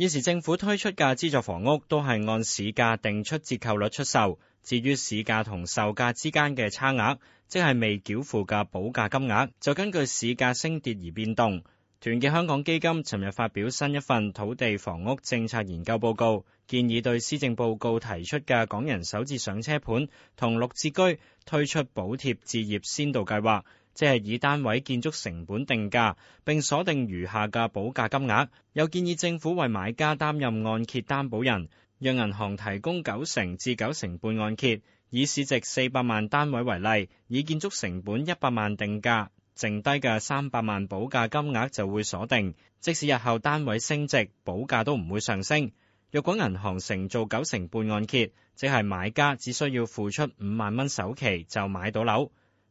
現時政府推出嘅資助房屋都係按市價定出折扣率出售，至於市價同售價之間嘅差額，即係未繳付嘅補價金額，就根據市價升跌而變動。團結香港基金尋日發表新一份土地房屋政策研究報告，建議對施政報告提出嘅港人首置上車盤同綠置居推出補貼置業先導計劃。即係以單位建築成本定價，並鎖定餘下嘅補價金額。又建議政府為買家擔任按揭擔保人，讓銀行提供九成至九成半按揭。以市值四百萬單位為例，以建築成本一百萬定價，剩低嘅三百萬補價金額就會鎖定。即使日後單位升值，補價都唔會上升。若果銀行承做九成半按揭，即係買家只需要付出五萬蚊首期就買到樓。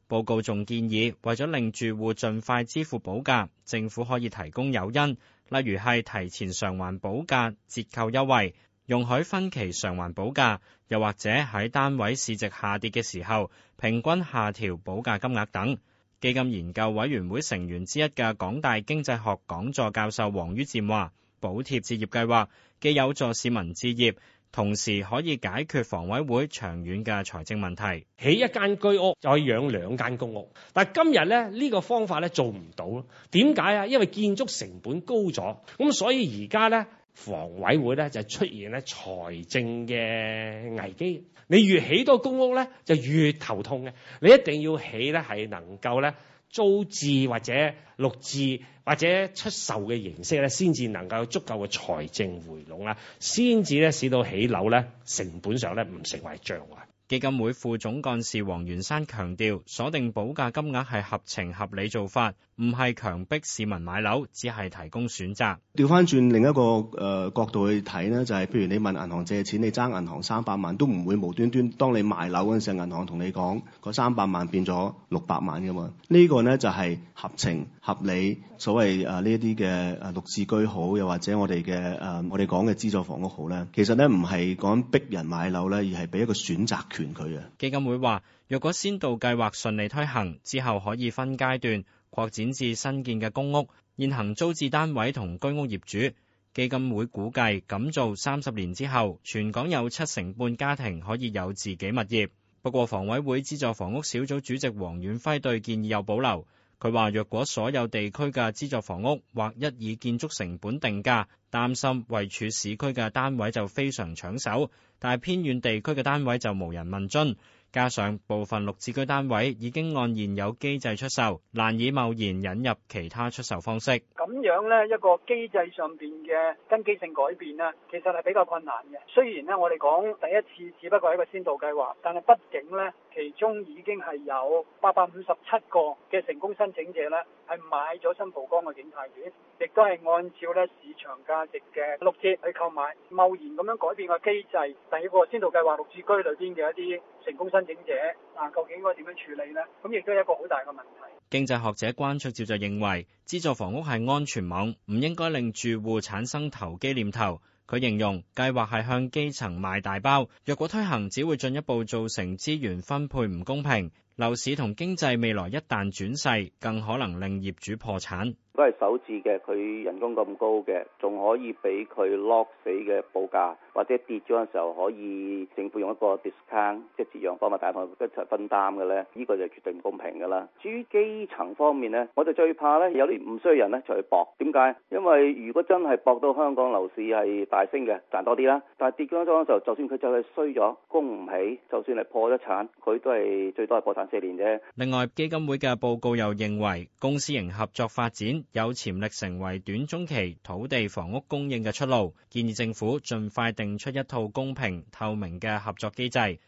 報告仲建議，為咗令住戶盡快支付補價，政府可以提供誘因，例如係提前償還補價、折扣優惠、容許分期償還補價，又或者喺單位市值下跌嘅時候，平均下調補價金額等。基金研究委員會成員之一嘅港大經濟學講座教授王于漸話：補貼置業計劃既有助市民置業。同時可以解決房委會長遠嘅財政問題，起一間居屋就可以養兩間公屋，但今日咧呢、呢個方法咧做唔到咯。點解啊？因為建築成本高咗，咁所以而家咧房委會咧就出現咧財政嘅危機。你越起多公屋咧，就越頭痛嘅。你一定要起咧係能夠咧。租置或者綠置或者出售嘅形式咧，先至能夠有足夠嘅財政回籠啦，先至咧使到起樓咧成本上咧唔成為障礙。基金會副總幹事黃元山強調，鎖定補價金額係合情合理做法，唔係強逼市民買樓，只係提供選擇。調返轉另一個誒角度去睇呢就係、是、譬如你問銀行借錢，你爭銀行三百萬都唔會無端端當你賣樓嗰陣時，銀行同你講，嗰三百萬變咗六百萬㗎嘛？呢、這個呢就係合情合理。所謂誒呢一啲嘅誒綠置居好，又或者我哋嘅誒我哋講嘅資助房屋好咧，其實呢唔係講逼人買樓咧，而係俾一個選擇權基金會話，若果先導計劃順利推行，之後可以分階段擴展至新建嘅公屋、現行租置單位同居屋業主。基金會估計，咁做三十年之後，全港有七成半家庭可以有自己物業。不過，房委會資助房屋小組主席黃遠輝對建議有保留。佢話：若果所有地區嘅資助房屋或一以建築成本定價，擔心位處市區嘅單位就非常搶手，但係偏遠地區嘅單位就無人問津。加上部分綠置居單位已經按現有機制出售，難以貿然引入其他出售方式。咁樣咧一個機制上邊嘅根基性改變咧，其實係比較困難嘅。雖然咧我哋講第一次，只不過係一個先導計劃，但係畢竟咧，其中已經係有八百五十七個嘅成功申請者咧，係買咗新蒲崗嘅景泰苑，亦都係按照咧市場價值嘅六折去購買。貿然咁樣改變個機制，第一個先導計劃綠置居裏邊嘅一啲成功申請者，啊，究竟應該點樣處理呢？咁亦都係一個好大嘅問題。經濟學者關焯照就認為，資助房屋係安全網，唔應該令住戶產生投機念頭。佢形容計劃係向基層賣大包，若果推行，只會進一步造成資源分配唔公平。樓市同經濟未來一旦轉勢，更可能令業主破產。如果係首置嘅，佢人工咁高嘅，仲可以俾佢 lock 死嘅補價，或者跌咗嘅時候可以政府用一個 discount，即係折讓方法，大家一齊分擔嘅咧，呢個就絕對唔公平噶啦。至於基層方面呢，我就最怕呢，有啲唔需要人呢，就去搏，點解？因為如果真係搏到香港樓市係大升嘅，賺多啲啦。但係跌咗嗰時候，就算佢就係衰咗供唔起，就算係破咗產，佢都係最多係破產四年啫。另外基金會嘅報告又認為公司型合作發展。有潛力成為短中期土地房屋供應嘅出路，建議政府盡快定出一套公平透明嘅合作機制。